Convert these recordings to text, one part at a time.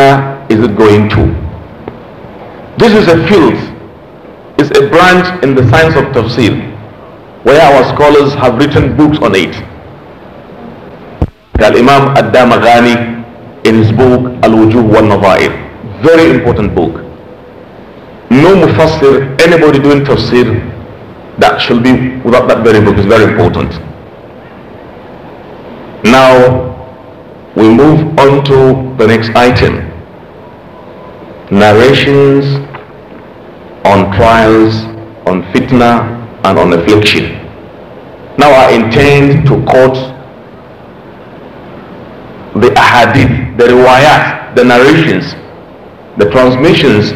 where is it going to? This is a field, it's a branch in the science of tafsir, where our scholars have written books on it. Al-Imam Ad-Damaghani in his book al Wujud wal-Nawair, very important book. No mufassir, anybody doing tafsir, that should be without that very book is very important. Now, we move on to the next item narrations on trials, on fitna, and on affliction. Now I intend to quote the ahadith, the riwayat, the narrations, the transmissions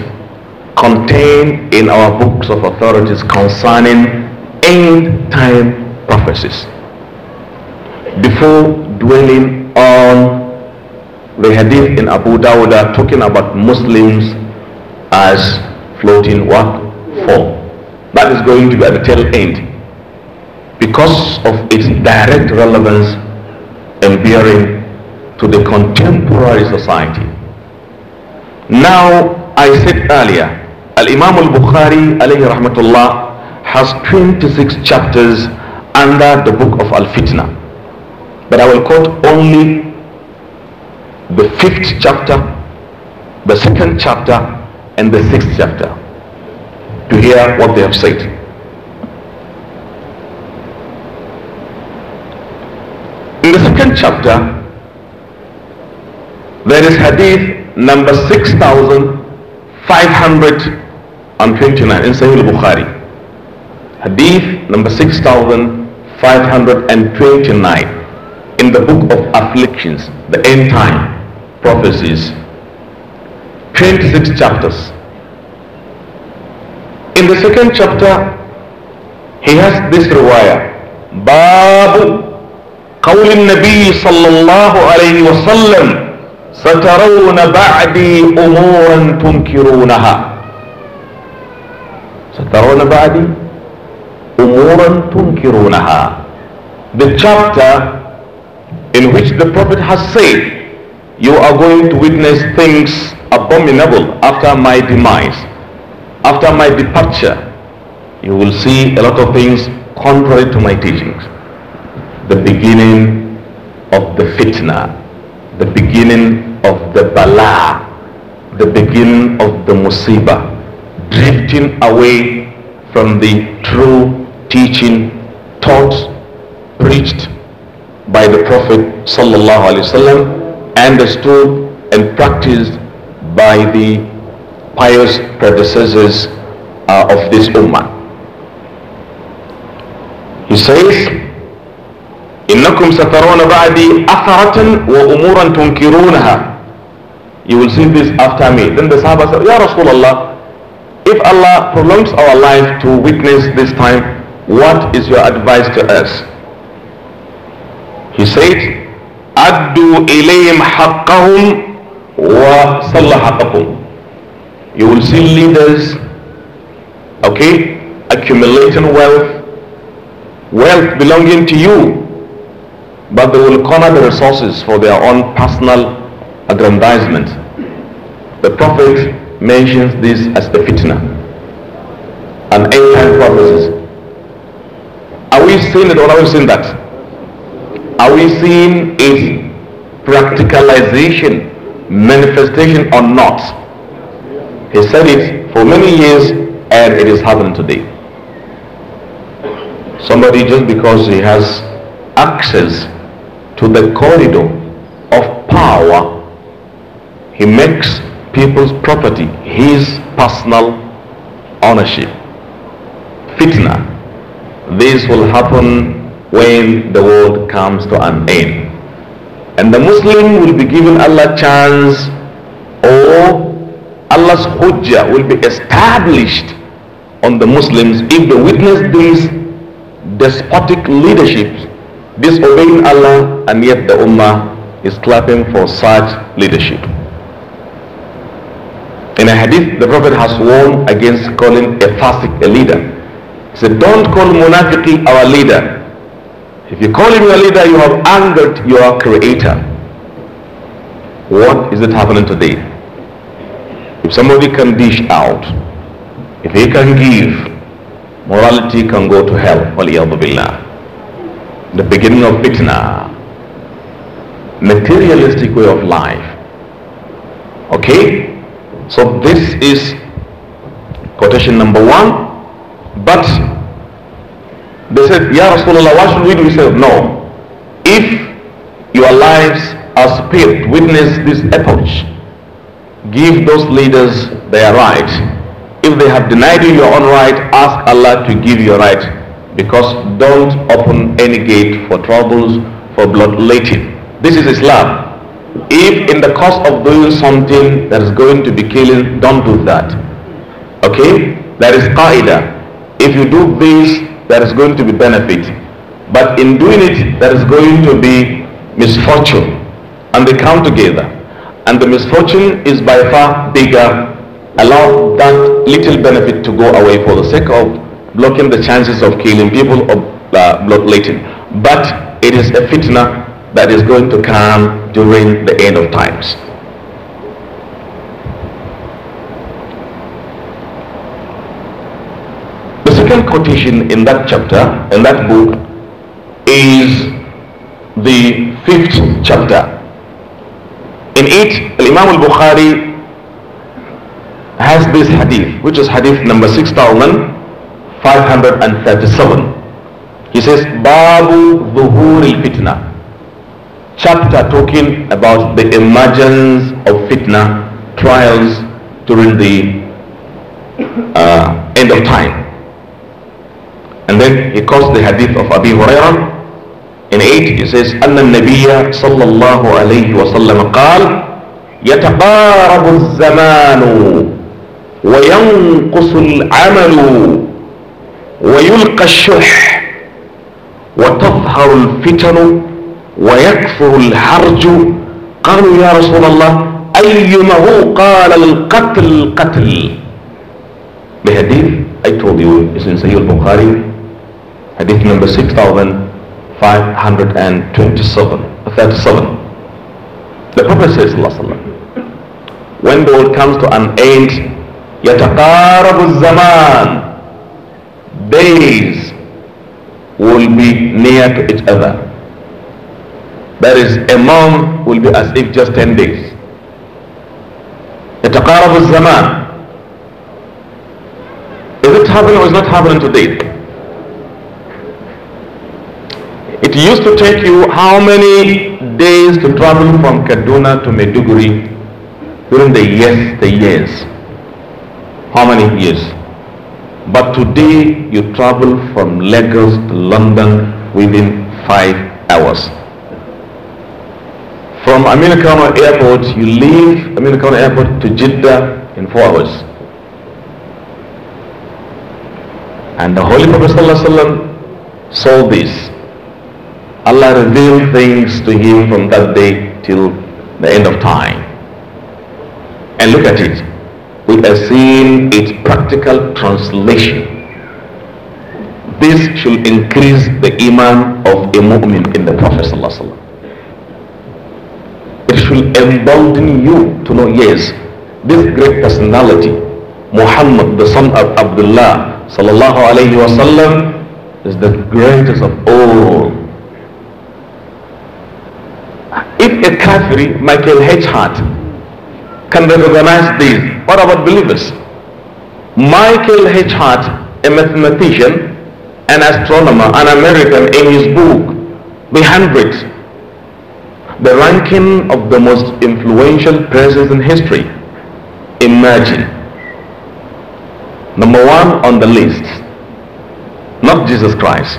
contained in our books of authorities concerning end time prophecies. Before dwelling hadith in Abu Dawud talking about Muslims as floating what? Form. That is going to be at the tail end because of its direct relevance and bearing to the contemporary society. Now, I said earlier, Al-Imam al-Bukhari alayhi rahmatullah has 26 chapters under the book of Al-Fitna. But I will quote only the fifth chapter, the second chapter, and the sixth chapter to hear what they have said. In the second chapter, there is hadith number 6529 in Sahih al-Bukhari. Hadith number 6529 in the book of afflictions, the end time. prophecies, 26 chapters. In the second chapter, he has this riwayah, Babu قول النبي صلى الله عليه وسلم سترون بعدي امورا تنكرونها سترون بعدي امورا تنكرونها the chapter in which the prophet has said you are going to witness things abominable after my demise. After my departure, you will see a lot of things contrary to my teachings. The beginning of the fitna, the beginning of the bala, the beginning of the musibah, drifting away from the true teaching taught, preached by the Prophet sallallahu alaihi wasallam understood and practiced by the pious predecessors uh, of this ummah. He says, إنكم سترون بعدي أثرة وأمورا تنكرونها You will see this after me. Then the Sahaba said, Ya Rasulullah, if Allah prolongs our life to witness this time, what is your advice to us? He said, أدوا إليهم حقهم وصلى حقكم You will see leaders, okay, accumulating wealth, wealth belonging to you, but they will corner the resources for their own personal aggrandizement. The Prophet mentions this as the fitna, an end time prophecy. Are we seeing it or are we seeing that? Are we seeing its practicalization, manifestation or not? He said it for many years and it is happening today. Somebody just because he has access to the corridor of power, he makes people's property his personal ownership. Fitna. This will happen when the world comes to an end. And the Muslim will be given Allah chance or Allah's hujjah will be established on the Muslims if they witness these despotic leaderships disobeying Allah and yet the Ummah is clapping for such leadership. In a hadith, the Prophet has warned against calling a fasik a leader. He said, don't call Munafiqi our leader if you call him your leader, you have angered your creator. What is it happening today? If somebody can dish out, if he can give, morality can go to hell. The beginning of fitna, materialistic way of life. Okay? So this is quotation number one. But they said, Ya Rasulullah, what should we do? He said, No. If your lives are spared, witness this approach. Give those leaders their right. If they have denied you your own right, ask Allah to give you right. Because don't open any gate for troubles, for bloodletting. This is Islam. If in the course of doing something that is going to be killing, don't do that. Okay? That is Qaeda. If you do this, there is going to be benefit. But in doing it, there is going to be misfortune. And they come together. And the misfortune is by far bigger. Allow that little benefit to go away for the sake of blocking the chances of killing people or uh, bloodletting. But it is a fitna that is going to come during the end of times. second quotation in that chapter, in that book, is the fifth chapter. In it, Imam al-Bukhari has this hadith, which is hadith number 6537. He says, Babu Zuhuri Fitna. Chapter talking about the emergence of fitna, trials during the uh, end of time. And then he quotes the hadith of Abi Huraira. In 8 he says, أن النبي صلى الله عليه وسلم قال يتقارب الزمان وينقص العمل ويلقى الشح وتظهر الفتن ويكثر الحرج قالوا يا رسول الله أيما هو قال القتل قتل بهديث أي told you سيد البخاري hadith number 6527 the prophet says when the world comes to an end yataqarabu zaman days will be near to each other that is a month will be as if just 10 days yataqarabu zaman is it happening or is not happening today It used to take you how many days to travel from Kaduna to Meduguri during the years, the years. How many years? But today you travel from Lagos to London within five hours. From Aminakano Airport, you leave Aminakano Airport to Jeddah in four hours. And the Holy Prophet saw this Allah revealed things to him from that day till the end of time. And look at it. We have seen its practical translation. This should increase the iman of a mu'min in the Prophet It should embolden you to know, yes, this great personality, Muhammad, the son of Abdullah sallallahu wasallam, is the greatest of all a Kafiri, Michael H. Hart, can recognize this. What about believers? Michael H. Hart, a mathematician, an astronomer, an American, in his book, The Handbricks, the ranking of the most influential persons in history, imagine. Number one on the list, not Jesus Christ,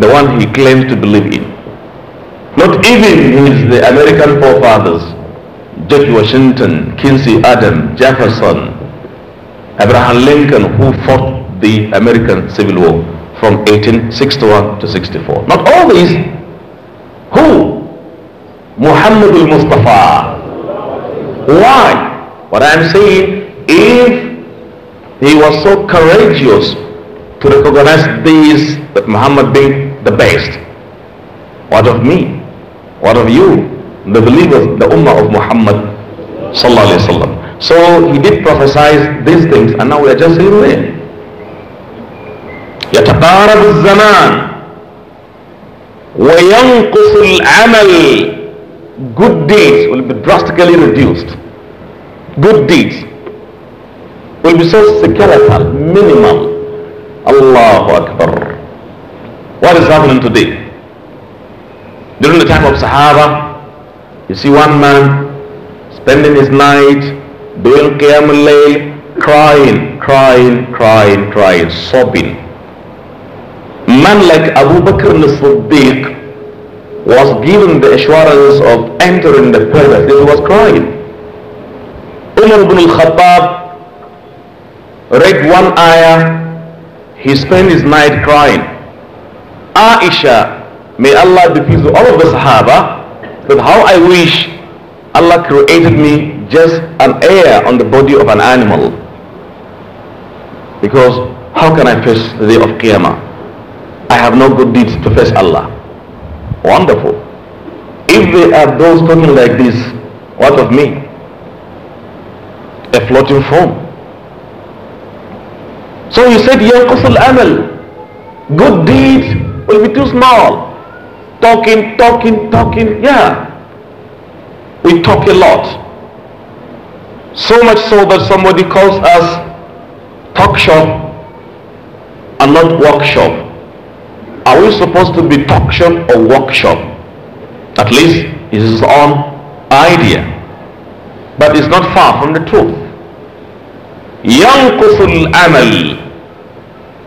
the one he claims to believe in. Not even his the American forefathers, George Washington, Quincy Adams, Jefferson, Abraham Lincoln, who fought the American Civil War from 1861 to 64. Not all these. Who? Muhammad al-Mustafa. Why? What I'm saying, if he was so courageous to recognize these, that Muhammad being the best, what of me? What of you? The believers, the Ummah of Muhammad Sallallahu Alaihi Wasallam. So he did prophesy these things and now we are just saying away. يتقارب الزمان وينقص العمل good deeds will be drastically reduced good deeds will be so skeletal minimum Allahu Akbar what is happening today during the time of Sahaba, you see one man spending his night doing Qiyam al crying, crying, crying, crying, sobbing. Man like Abu Bakr al-Siddiq was given the assurance of entering the paradise. He was crying. Umar ibn al-Khattab read one ayah. He spent his night crying. Aisha May Allah be pleased with all of the Sahaba But how I wish Allah created me just an air on the body of an animal. Because how can I face the day of Qiyamah? I have no good deeds to face Allah. Wonderful. If they are those talking like this, what of me? A floating form. So you said, ينقص Amal, Good deeds will be too small. Talking, talking, talking. Yeah. We talk a lot. So much so that somebody calls us talk shop and not workshop. Are we supposed to be talk shop or workshop? At least it is on idea. But it's not far from the truth. Yankusul amal.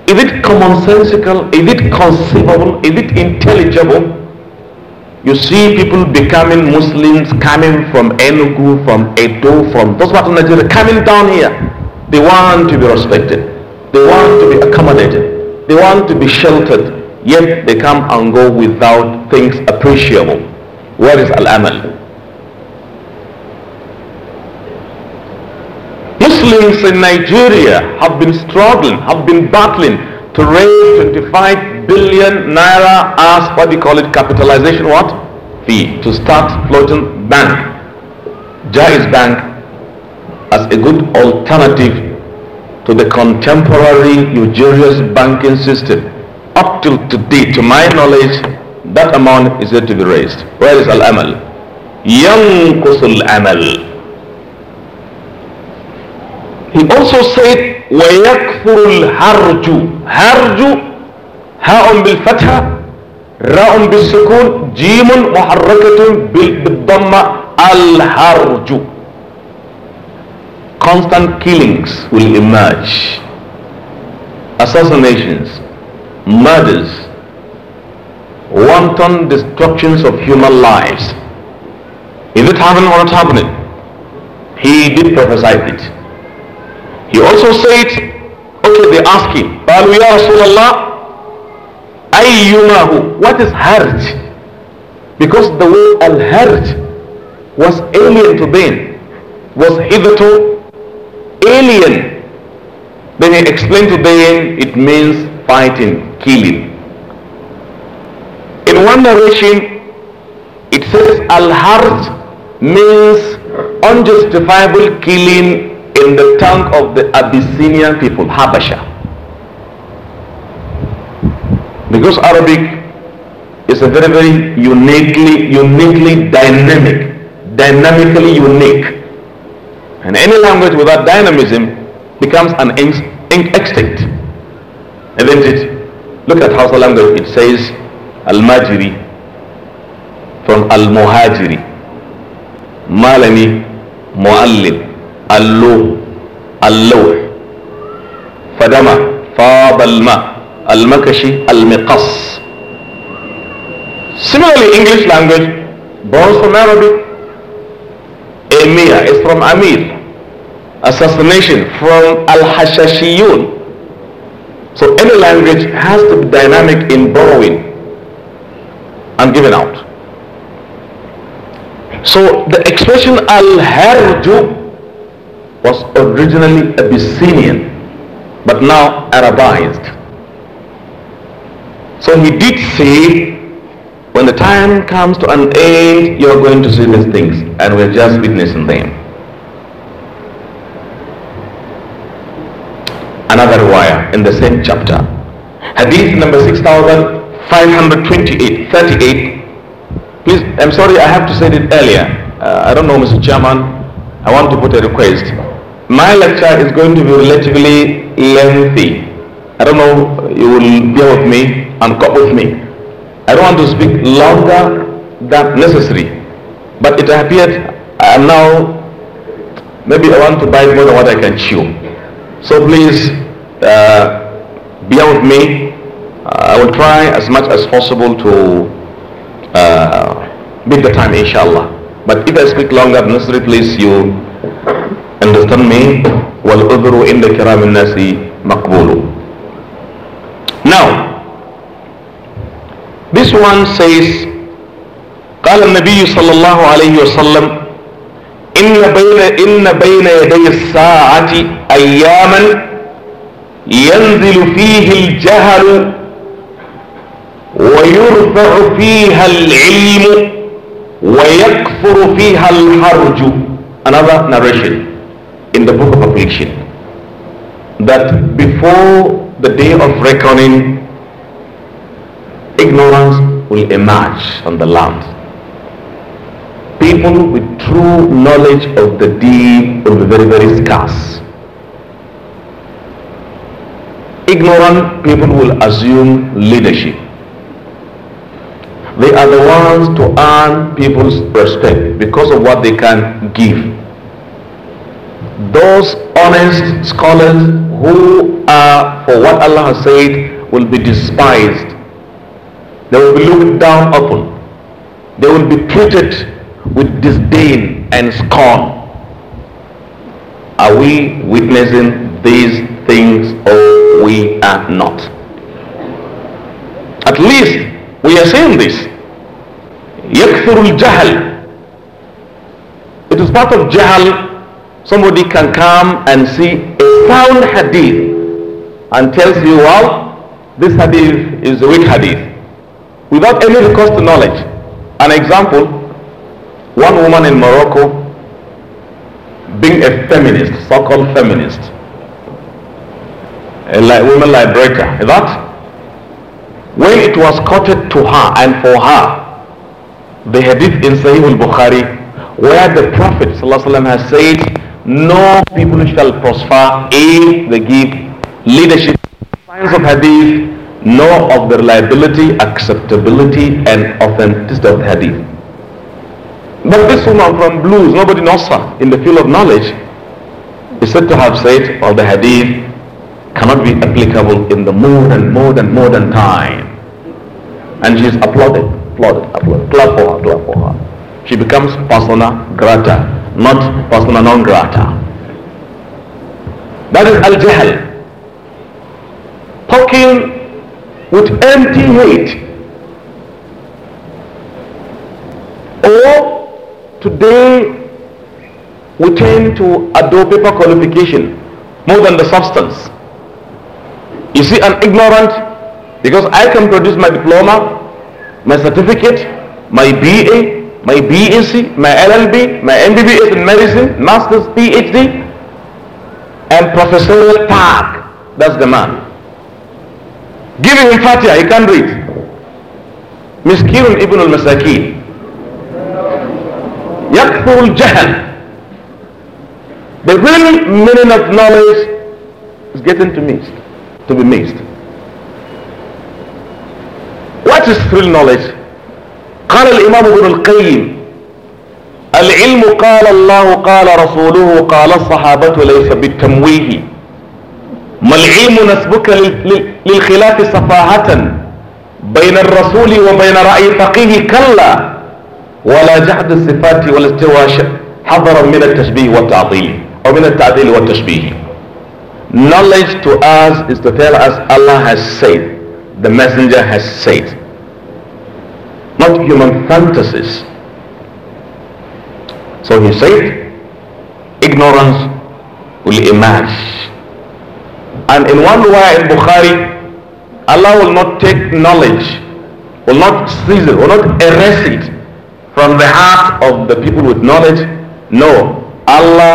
Is it commonsensical? Is it conceivable? Is it intelligible? You see people becoming Muslims coming from Enugu, from Edo, from those parts of Nigeria, coming down here. They want to be respected. They want to be accommodated. They want to be sheltered. Yet they come and go without things appreciable. Where is Al-Amal? Muslims in Nigeria have been struggling, have been battling to raise 25 billion naira as what we call it capitalization what? Fee to start floating bank. Jai's Bank as a good alternative to the contemporary usurious banking system. Up till today, to my knowledge, that amount is yet to be raised. Where is Al-Amal? al Amal. He also said, وَيَكْفُرُ Harju." Harju هاء بالفتحة راء بالسكون جيم محركة بالضمة الهرج constant killings will emerge assassinations murders wanton destructions of human lives is it happening or not happening he did prophesy it he also said okay they ask him قالوا يا ayyumahu what is harj because the word al-harj was alien to them was hitherto alien then he explained to them it means fighting killing in one narration it says al-harj means unjustifiable killing in the tongue of the Abyssinian people Habasha because Arabic is a very, very uniquely, uniquely dynamic, dynamically unique. And any language without dynamism becomes an extinct. Isn't it? Look at the language. It says Al-Majiri from Al-Muhajiri. malani Muallim, Allo, Allo, Fadama, Fadalma. Al-Makashi, Al-Miqas. Similarly, English language borrows from Arabic. Emir is from Amir. Assassination from Al-Hashashiyun. So any language has to be dynamic in borrowing and giving out. So the expression Al-Harju was originally Abyssinian, but now Arabized. So he did say, when the time comes to an end, you're going to see these things, and we're just witnessing them. Another wire in the same chapter. Hadith number 6528, 38. Please, I'm sorry, I have to say it earlier. Uh, I don't know, Mr. Chairman. I want to put a request. My lecture is going to be relatively lengthy. I don't know, you will bear with me with me. I don't want to speak longer than necessary. But it appeared I am now, maybe I want to bite more than what I can chew. So please uh, be with me. Uh, I will try as much as possible to uh, beat the time, inshallah. But if I speak longer than necessary, please you understand me. وَالْأُذْرُ إِنَّ كِرَامِ النَّاسِ مَقْبُولُ Now, This one says, قال النبي صلى الله عليه وسلم إن بين, إن بين يدي الساعة أياما ينزل فيه الجهل ويرفع فيها العلم ويكفر فيها الحرج another narration in the book of affliction that before the day of reckoning ignorance will emerge on the land. People with true knowledge of the deep will be very, very scarce. Ignorant people will assume leadership. They are the ones to earn people's respect because of what they can give those honest scholars who are for what Allah has said will be despised they will be looked down upon. They will be treated with disdain and scorn. Are we witnessing these things or we are not? At least we are seeing this. It is part of Jahal. Somebody can come and see a sound hadith and tells you, well, this hadith is a weak hadith without any recourse to knowledge. An example, one woman in Morocco, being a feminist, so-called feminist, a li woman liberator, is that? When it was quoted to her and for her, the hadith in Sahih al-Bukhari, where the Prophet ﷺ has said, no people shall prosper if they give leadership. Science of hadith nor of the reliability, acceptability, and authenticity of the hadith. But this woman from Blues, nobody knows her in the field of knowledge, is said to have said, well, the hadith cannot be applicable in the modern, modern, modern time. And she's applauded, applauded, applauded. Clap for her, clap for her. She becomes persona grata, not persona non grata. That is al-jahl. Talking with empty hate. Or today we tend to adore paper qualification more than the substance. You see, an ignorant, because I can produce my diploma, my certificate, my BA, my BSc, my LLB, my MBBS in medicine, master's, PhD, and professorial tag. That's the man. Giving him Fatiha, he can't read. Miskinun ibn al-Masakin. Yakfur al-Jahal. The real meaning of knowledge is getting to missed, to be missed. What is real knowledge? قال الإمام ابن القيم العلم قال الله قال رسوله قال الصحابة ليس بالتمويه ملعيم نسبك للخلاف صفاهة بين الرسول وبين رأي فقيه كلا ولا جحد الصفات والاستواء حضرا من التشبيه والتعطيل أو من التعديل والتشبيه Knowledge to us is to tell us Allah has said, the messenger has said, not human fantasies. So he said, ignorance will emerge And in one way in Bukhari, Allah will not take knowledge, will not seize it, will not erase it from the heart of the people with knowledge. No, Allah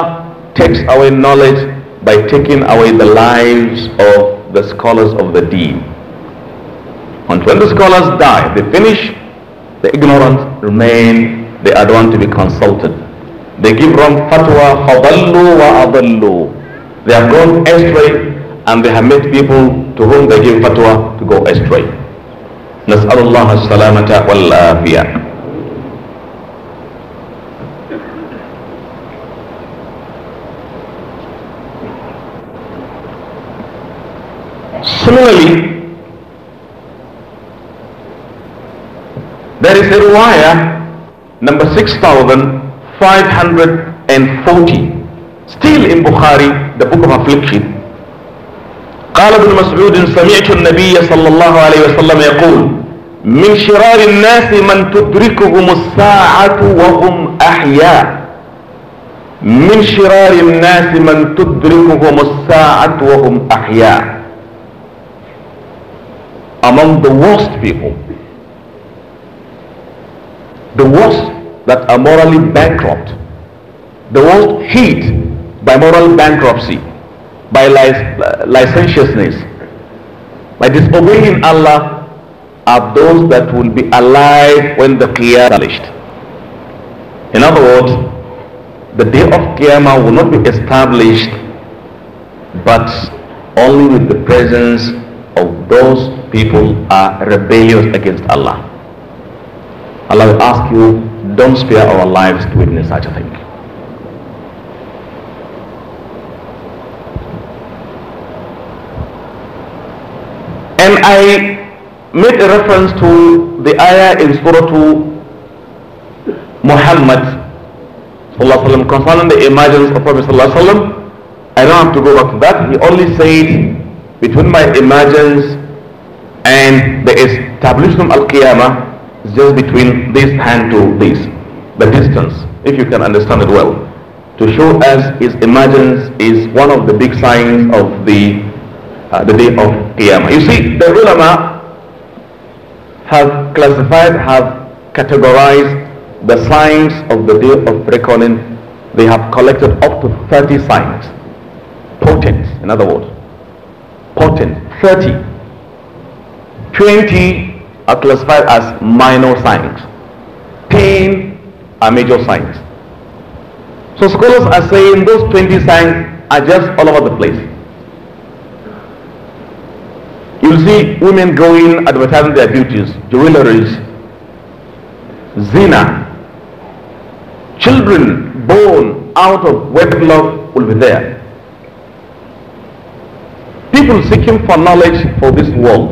takes away knowledge by taking away the lives of the scholars of the deen. And when the scholars die, they finish, the ignorant remain, they are the one to be consulted. They give wrong fatwa, فَضَلُّوا وَأَضَلُّوا They have gone astray and they have made people to whom they give fatwa to go astray. نسأل الله السلامة والعافية. Similarly, there is a riwayah number 6540 still in Bukhari, the book of affliction قال ابن مسعود سمعت النبي صلى الله عليه وسلم يقول من شرار الناس من تدركهم الساعة وهم أحياء من شرار الناس من تدركهم الساعة وهم أحياء among the worst people the worst that are morally bankrupt the worst hit by moral bankruptcy by licentiousness, by disobeying Allah, are those that will be alive when the Qiyamah is established. In other words, the day of Qiyamah will not be established but only with the presence of those people are rebellious against Allah. Allah will ask you, don't spare our lives to witness such a thing. I made a reference to the ayah in Surah to Muhammad وسلم, concerning the emergence of Prophet wasallam. I don't have to go back to that. He only said, between my emergence and the establishment of Al-Qiyamah is just between this hand to this, the distance, if you can understand it well. To show us his emergence is one of the big signs of the uh, the day of Qiyamah. You see, the ulama have classified, have categorized the signs of the day of reckoning. They have collected up to 30 signs. Potent, in other words. Potent, 30. 20 are classified as minor signs. 10 are major signs. So scholars are saying those 20 signs are just all over the place. You'll see women going advertising their beauties, jewelries, zina. Children born out of wedlock will be there. People seeking for knowledge for this world.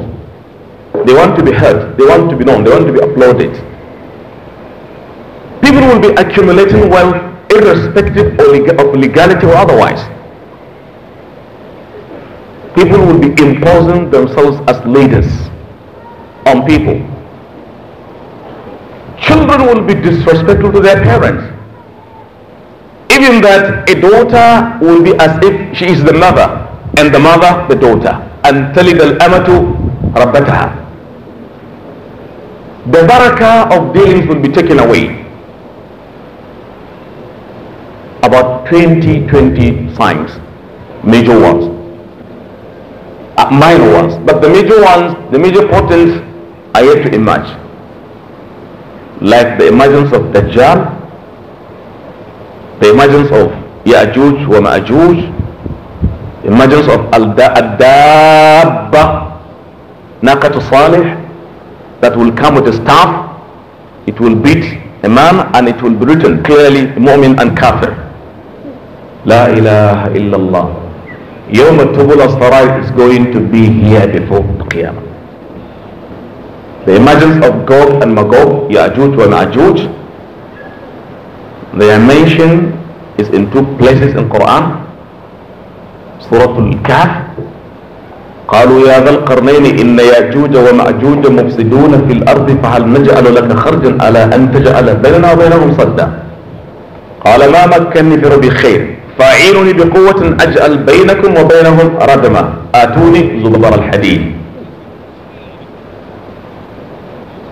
They want to be heard. They want to be known. They want to be applauded. People will be accumulating wealth irrespective of legality or otherwise people will be imposing themselves as leaders on people. Children will be disrespectful to their parents. Even that a daughter will be as if she is the mother and the mother the daughter. And telling al amatu rabbataha. The barakah of dealings will be taken away. About 20, 20 signs, major ones. Uh, minor ones. But the major ones, the major portents are yet to emerge. Like the emergence of Dajjal, the emergence of Ya'juj wa Ma'juj, emergence of Al-Dabba, Naqatu Salih, that will come with a staff, it will beat a man and it will be written clearly, Mu'min and Kafir. La ilaha illallah. يوم تبول الصراي is going to be here before القيامة. The images of Gog and Magog, Yajut and Ajut, their mention is in two places in Quran. سورة الكهف قالوا يا ذا القرنين إن يأجوج ومأجوج مفسدون في الأرض فهل نجعل لك خرجا على أن تجعل بيننا وبينهم صدا قال ما مكنني في ربي خير فاعينوني بقوة أجعل بينكم وبينهم ردما آتوني زبر الحديد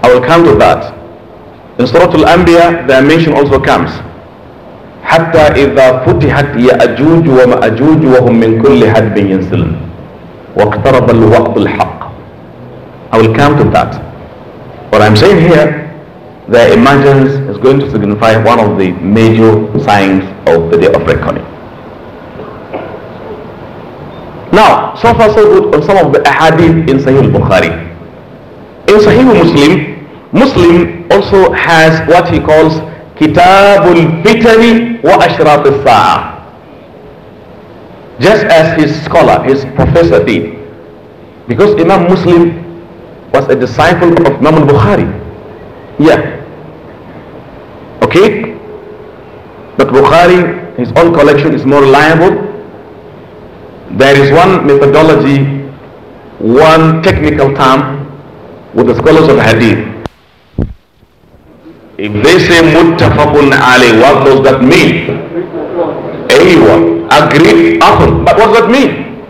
I will come to that in Surah Al-Anbiya the mention also comes حتى إذا فتحت يأجوج ومأجوج وهم من كل حدب ينسلم واقترب الوقت الحق I will come to that what I'm saying here the emergence is going to signify one of the major signs of the day of reckoning Now, so far so good on some of the ahadith in Sahih Bukhari. In Sahih Muslim, Muslim also has what he calls Kitabul Fitani wa Ashrat al Just as his scholar, his professor did. Because Imam Muslim was a disciple of Imam Bukhari. Yeah. Okay? But Bukhari, his own collection is more reliable there is one methodology, one technical term with the scholars of hadith. If they say muttafaqun alayh, what does that mean? Anyone agreed upon. But what does that mean?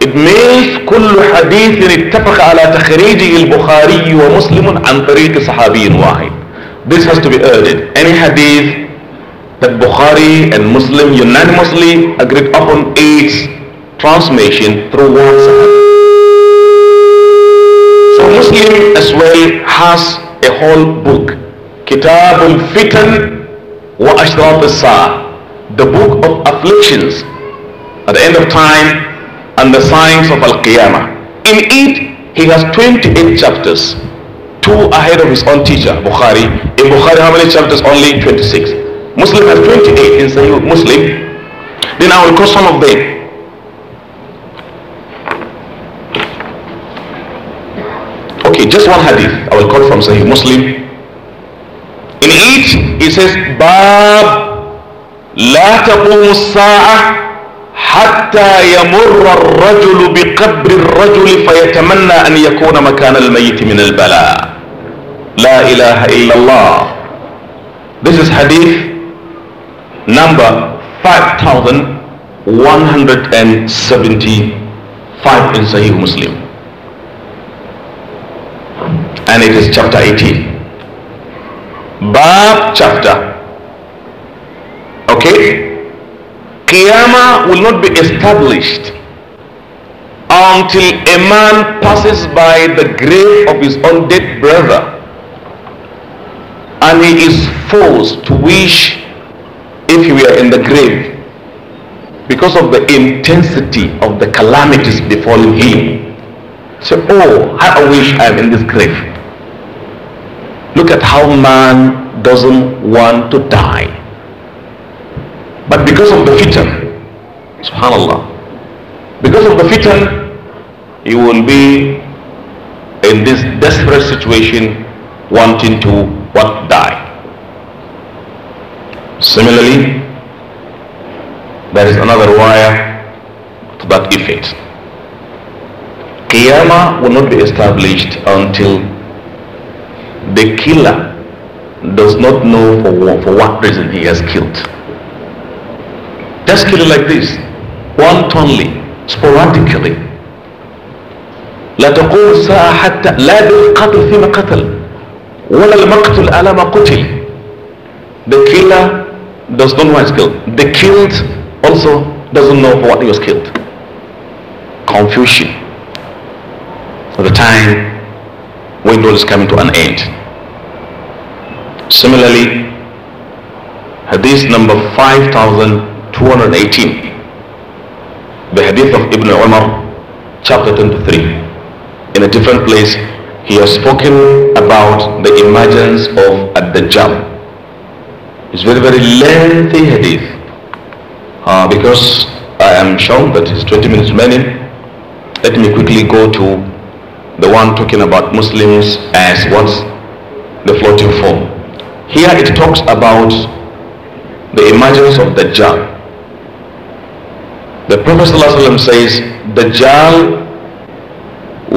It means كل حديث اتفق على تخريجه البخاري ومسلم عن طريق صحابي واحد. This has to be urged. Any hadith that Bukhari and Muslim unanimously agreed upon is transmission through WhatsApp. So Muslim as well has a whole book, Kitab al-Fitan wa Ashraf al the book of afflictions at the end of time and the signs of Al-Qiyamah. In it, he has 28 chapters, two ahead of his own teacher, Bukhari. In Bukhari, how many chapters? Only 26. Muslim has 28 in Sahih Muslim. Then I will quote some of them. Okay, just one hadith. I will quote from Sahih Muslim. In it, it says, Bab لا تقوم الساعة حتى يمر الرجل بقبر الرجل فيتمنى أن يكون مكان الميت من البلاء لا إله إلا الله This is hadith number 5175 in Sahih Muslim and it is chapter 18 Bab chapter okay Qiyamah will not be established until a man passes by the grave of his own dead brother and he is forced to wish if he were in the grave because of the intensity of the calamities befalling him. So, oh, how I wish I'm in this grave. Look at how man doesn't want to die. But because of the fitan, subhanallah, because of the fitan, he will be in this desperate situation wanting to what die. Similarly, there is another wire to that effect. Qiyamah will not be established until the killer does not know for what, for what reason he has killed. Just kill it like this, wantonly, sporadically. لا تقول ساعة حتى لا بالقتل فيما قتل ولا المقتل على ما قتل. The killer does not know why he's killed. The killed also doesn't know for what he was killed. Confusion. At the time when all is coming to an end. Similarly, hadith number 5218, the hadith of Ibn Umar, chapter 23. In a different place, he has spoken about the emergence of Ad-Dajjal. It's very, very lengthy hadith uh, because I am shown that it's 20 minutes remaining. Let me quickly go to the one talking about Muslims as what's the floating form. Here it talks about the emergence of Dajjal. The Prophet ﷺ says, Dajjal